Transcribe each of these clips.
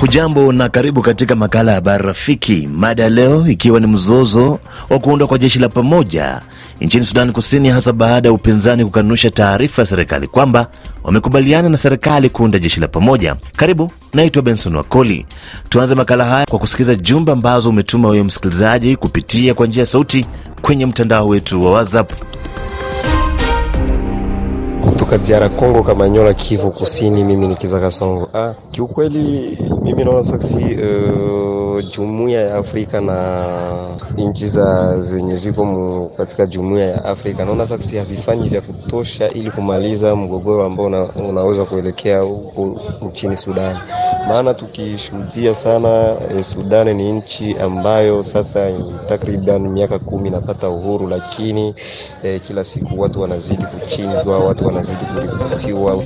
Hujambo na karibu katika makala ya habari rafiki, mada ya leo ikiwa ni mzozo wa kuundwa kwa jeshi la pamoja nchini Sudani Kusini, hasa baada ya upinzani kukanusha taarifa ya serikali kwamba wamekubaliana na serikali kuunda jeshi la pamoja. Karibu, naitwa Benson Wakoli. Tuanze makala haya kwa kusikiliza jumbe ambazo umetuma wewe msikilizaji kupitia kwa njia ya sauti kwenye mtandao wetu wa WhatsApp kutoka ziara Kongo kama Nyola Kivu Kusini. Mimi ni Kizaka Songo. Ah, kiukweli mimi naona saksi uh, eh, jumuia jumuiya ya Afrika na nchi za zenye ziko katika jumuiya ya Afrika, naona sasa hazifanyi vya kutosha ili kumaliza mgogoro ambao una, unaweza kuelekea huko nchini Sudani. Maana tukishuhudia sana eh, Sudani ni nchi ambayo sasa takriban miaka kumi napata uhuru, lakini eh, kila siku watu wanazidi kuchinjwa, watu wanazidi kuripotiwa.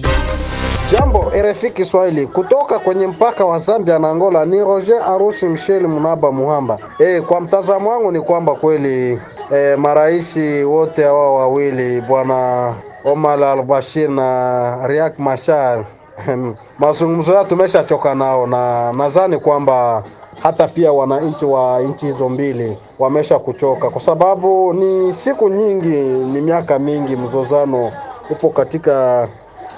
Jambo RFI Kiswahili kutoka kwenye mpaka wa Zambia na Angola, ni Roger Arusi. Michel Munaba Muhamba. E, kwa mtazamo wangu ni kwamba kweli e, marais wote hawa wawili bwana Omar al-Bashir na Riek Machar mazungumzo yao tumeshachoka nao, na nadhani kwamba hata pia wananchi wa nchi hizo mbili wamesha kuchoka, kwa sababu ni siku nyingi, ni miaka mingi mzozano upo katika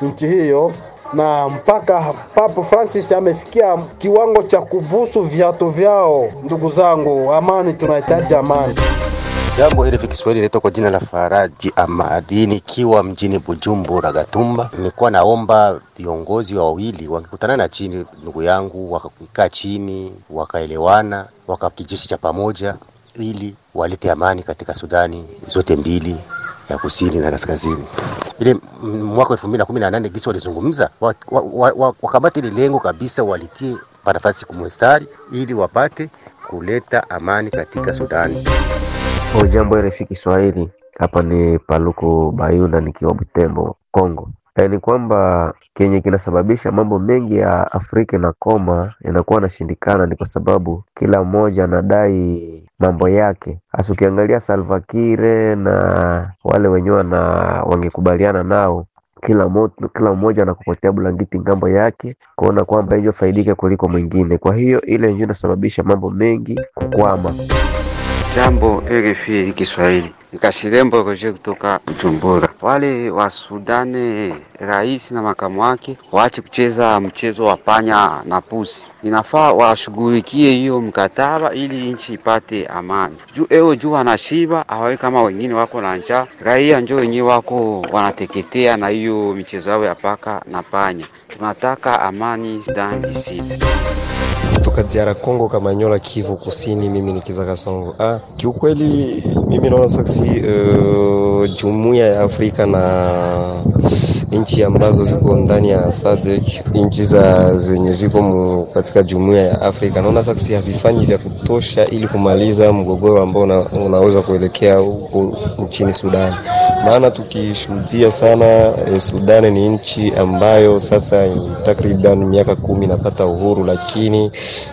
nchi hiyo na mpaka Papa Francis amefikia kiwango cha kubusu viatu vyao. Ndugu zangu, amani, tunahitaji amani. Jambo hili Kiswahili inaitwa kwa jina la Faraji Amadi, nikiwa mjini Bujumbura Gatumba. Nilikuwa naomba viongozi wawili wangekutana na chini, ndugu yangu, wakakaa chini, wakaelewana, wakakijeshi cha pamoja, ili walete amani katika Sudani zote mbili ya kusini na kaskazini. Ile mwaka 2018 gisi walizungumza wakabati ile lengo kabisa, walitie panafasi kumwestari ili wapate kuleta amani katika Sudani. Ujambo, rafiki Kiswahili, hapa ni Paluku Bayuna nikiwa Butembo, Kongo ni yaani kwamba kenye kinasababisha mambo mengi ya Afrika inakoma, inakuwa nashindikana ni kwa sababu kila mmoja anadai mambo yake. Hasa ukiangalia Salva Kiir na wale wenyewe na wangekubaliana nao kila kila mmoja anakupotea blangiti ngambo yake, kuona kwamba yeye faidike kuliko mwingine. Kwa hiyo ile yenyewe inasababisha mambo mengi kukwama. Jambo RFI Kiswahili. Nikashirembo Roje kutoka Bujumbura. Wale wa Sudani, rais na makamu wake waache kucheza mchezo wa panya na pusi, inafaa washughulikie hiyo mkataba ili nchi ipate amani. Juu eo juu wanashiba hawawe kama wengine wako na njaa, raia njo wenyewe wako wanateketea na hiyo michezo yao ya paka na panya. Tunataka amani Sudani kutoka Kongo kama Kamanyola, Kivu Kusini. Mimi ni Kizaka Songo. Ah, kiukweli mimi naona saksi uh, jumuiya ya Afrika na nchi ambazo ziko ndani ya SADC, nchi za zenye ziko katika jumuiya ya Afrika, naona saksi hazifanyi vya kutosha ili kumaliza mgogoro ambao una, unaweza kuelekea huko nchini Sudani. Maana tukishuhudia sana eh, Sudani ni nchi ambayo sasa takriban miaka kumi inapata uhuru lakini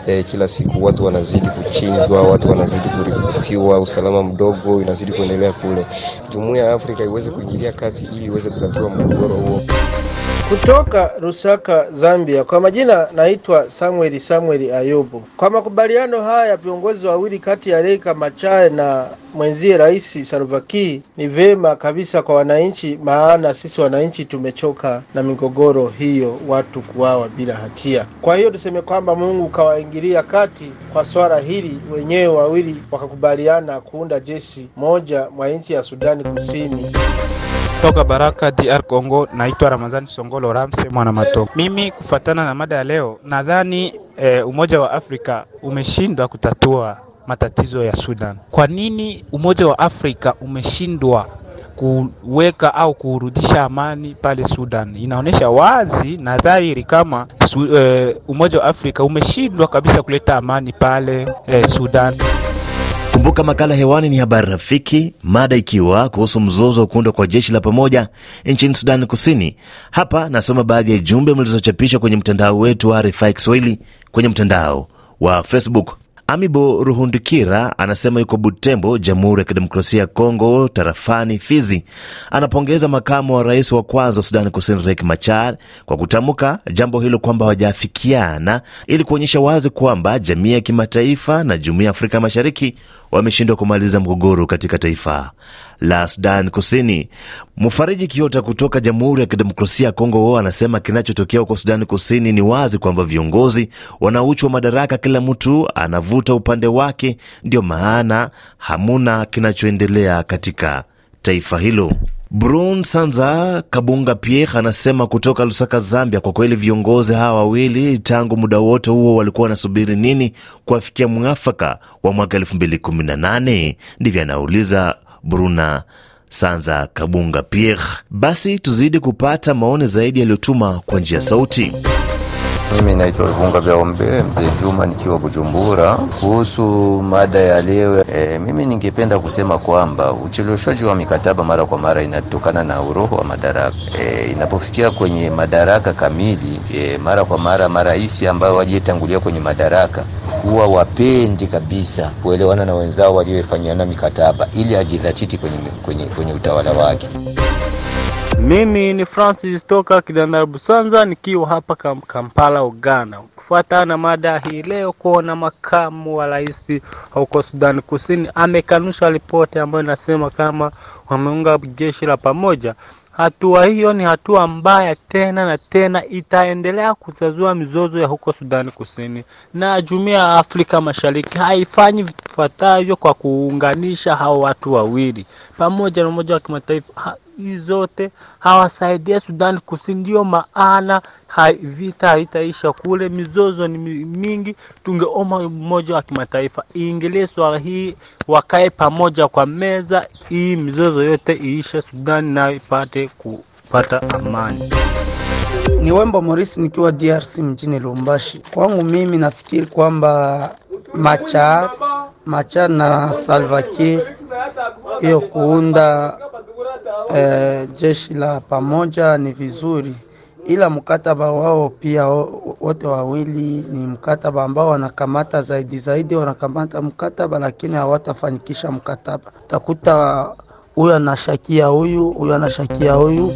eh, kila siku watu wanazidi kuchinjwa, watu wanazidi kuripotiwa usalama mdogo inazidi kuendelea kule. Jumuiya ya Afrika iweze kuingilia kati ili iweze kutatua mgogoro huo. Kutoka Lusaka, Zambia. Kwa majina naitwa Samuel Samuel Ayubu. Kwa makubaliano haya viongozi wawili kati ya reka machae na mwenzie Rais Salva Kiir ni vema kabisa kwa wananchi, maana sisi wananchi tumechoka na migogoro hiyo, watu kuwawa bila hatia. Kwa hiyo tuseme kwamba Mungu kawaingilia kati kwa swala hili, wenyewe wawili wakakubaliana kuunda jeshi moja mwa nchi ya Sudani Kusini. Toka Baraka DR Congo, naitwa Ramazani Songolo Ramse mwana Matoko. Mimi kufatana na mada ya leo, nadhani eh, Umoja wa Afrika umeshindwa kutatua matatizo ya Sudan. Kwa nini Umoja wa Afrika umeshindwa kuweka au kurudisha amani pale Sudan? Inaonyesha wazi na dhahiri kama uh, Umoja wa Afrika umeshindwa kabisa kuleta amani pale uh, Sudan. Kumbuka makala hewani ni habari rafiki, mada ikiwa kuhusu mzozo wa kuundwa kwa jeshi la pamoja nchini Sudani Kusini. Hapa nasoma baadhi ya jumbe mlizochapisha kwenye mtandao wetu wa RFI Kiswahili kwenye mtandao wa Facebook. Amibo Ruhundikira anasema yuko Butembo, Jamhuri ya Kidemokrasia ya Kongo, tarafani Fizi. Anapongeza makamu wa rais wa kwanza wa Sudani Kusini Riek Machar kwa kutamka jambo hilo kwamba hawajaafikiana ili kuonyesha wazi kwamba jamii ya kimataifa na jumuiya ya Afrika Mashariki wameshindwa kumaliza mgogoro katika taifa la Sudan Kusini. mfariji Kiota kutoka Jamhuri ya Kidemokrasia ya Kongo wao anasema kinachotokea huko sudani Kusini ni wazi kwamba viongozi wanauchwa madaraka, kila mtu anavuta upande wake, ndio maana hamuna kinachoendelea katika taifa hilo. Brun Sanza Kabunga Pierre anasema kutoka Lusaka, Zambia, kwa kweli viongozi hawa wawili tangu muda wote huo walikuwa wanasubiri nini kuwafikia mwafaka wa mwaka 2018? Ndivyo anauliza Bruna Sanza Kabunga Pierre. Basi tuzidi kupata maoni zaidi yaliyotuma kwa njia sauti. Mimi naitwa Vunga vya Ombe, mzee Juma, nikiwa Bujumbura. Kuhusu mada ya leo e, mimi ningependa kusema kwamba ucheleweshaji wa mikataba mara kwa mara inatokana na uroho wa madaraka. E, inapofikia kwenye madaraka kamili e, mara kwa mara marais ambao waliyetangulia kwenye madaraka huwa wapendi kabisa kuelewana na wenzao waliofanyiana mikataba ili ajidhatiti kwenye, kwenye, kwenye utawala wake. Mimi ni Francis toka Kidanda Busanza nikiwa hapa Kampala, Uganda. Kufuatana na mada hii leo, kuona makamu wa rais huko Sudani Kusini amekanusha ripoti ambayo inasema kama wameunga jeshi la pamoja. Hatua hiyo ni hatua mbaya tena na tena, itaendelea kutazua mizozo ya huko Sudani Kusini, na jumuiya ya Afrika Mashariki haifanyi vifuatavyo kwa kuunganisha hao watu wawili pamoja na umoja wa kimataifa hii zote hawasaidia Sudani Kusini. Ndio maana hai, vita haitaisha kule, mizozo ni mingi. Tungeomba mmoja wa Kimataifa iingilie swala hii, wakae pamoja kwa meza hii, mizozo yote iishe, Sudani nayo ipate kupata amani. Ni Wembo Morisi nikiwa DRC mjini Lubumbashi. Kwangu mimi nafikiri kwamba Machar Machar na Salva Kiir hiyo kuunda eh, jeshi la pamoja ni vizuri, ila mkataba wao pia wote wawili ni mkataba ambao wanakamata zaidi zaidi, wanakamata mkataba, lakini hawatafanikisha mkataba. Utakuta huyu anashakia huyu, huyu anashakia huyu.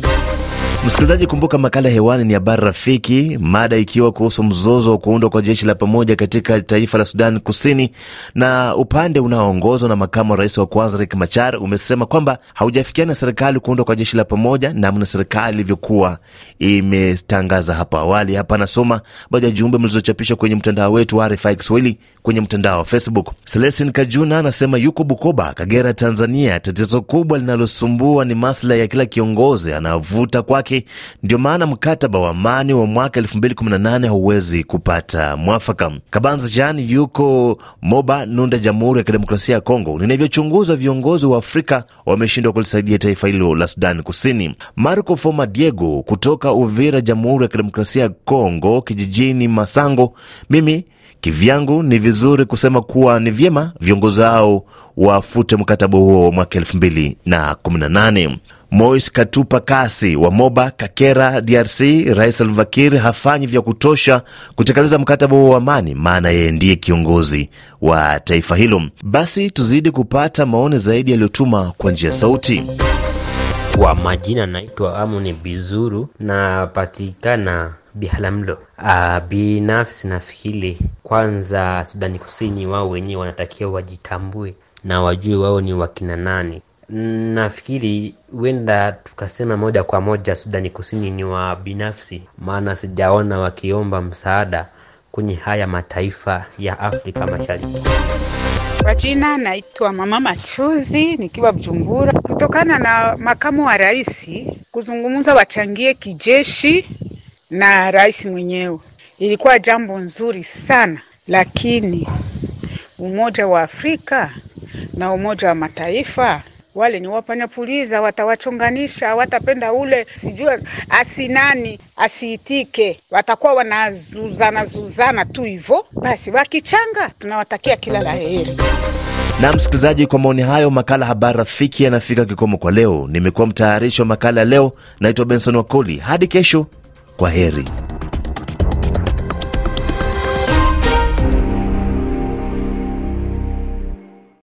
Msikilizaji, kumbuka makala hewani ni habari rafiki, mada ikiwa kuhusu mzozo wa kuundwa kwa jeshi la pamoja katika taifa la Sudan Kusini, na upande unaoongozwa na makamu wa rais wa kwanza Riek Machar umesema kwamba haujafikiana na serikali kuundwa kwa jeshi la pamoja namna serikali ilivyokuwa imetangaza hapo awali. Hapa anasoma baadhi ya jumbe mlizochapishwa kwenye mtandao wetu wa RFI Kiswahili kwenye mtandao wa Facebook. Selestin Kajuna anasema yuko Bukoba, Kagera, Tanzania. Tatizo kubwa linalosumbua ni maslahi ya kila kiongozi anavuta kwake yake. Ndio maana mkataba wa amani wa mwaka 2018 hauwezi kupata mwafaka. Kabanza Jean yuko Moba Nunda, Jamhuri ya Kidemokrasia ya Kongo. Ninavyochunguzwa, viongozi wa Afrika wameshindwa kulisaidia taifa hilo la Sudan Kusini. Marco Foma Diego kutoka Uvira, Jamhuri ya Kidemokrasia ya Kongo, kijijini Masango. Mimi kivyangu ni vizuri kusema kuwa ni vyema viongozi hao wafute mkataba huo wa mwaka elfu mbili na kumi na nane mois Katupa Kasi wa Moba Kakera, DRC, Rais Salva Kiir hafanyi vya kutosha kutekeleza mkataba wa amani, maana yeye ndiye kiongozi wa taifa hilo. Basi tuzidi kupata maoni zaidi yaliyotuma kwa njia sauti. Kwa majina naitwa Amuni Bizuru, napatikana Bihalamlo. Ah, binafsi nafikiri kwanza, Sudani Kusini wao wenyewe wanatakiwa wajitambue na wajue wao ni wakina nani Nafikiri huenda tukasema moja kwa moja Sudani Kusini ni wa binafsi, maana sijaona wakiomba msaada kwenye haya mataifa ya Afrika Mashariki. Kwa jina naitwa Mama Machuzi nikiwa Bujumbura. Kutokana na makamu wa rais kuzungumza, wachangie kijeshi na rais mwenyewe, ilikuwa jambo nzuri sana, lakini Umoja wa Afrika na Umoja wa Mataifa wale ni wapanapuliza, watawachonganisha, watapenda ule sijua asinani asiitike, watakuwa wanazuzana zuzana tu hivyo. Basi wakichanga, tunawatakia kila la heri. Na msikilizaji, kwa maoni hayo, makala Habari Rafiki yanafika kikomo kwa leo. Nimekuwa mtayarishi wa makala ya leo, naitwa Benson Wakoli. Hadi kesho, kwa heri.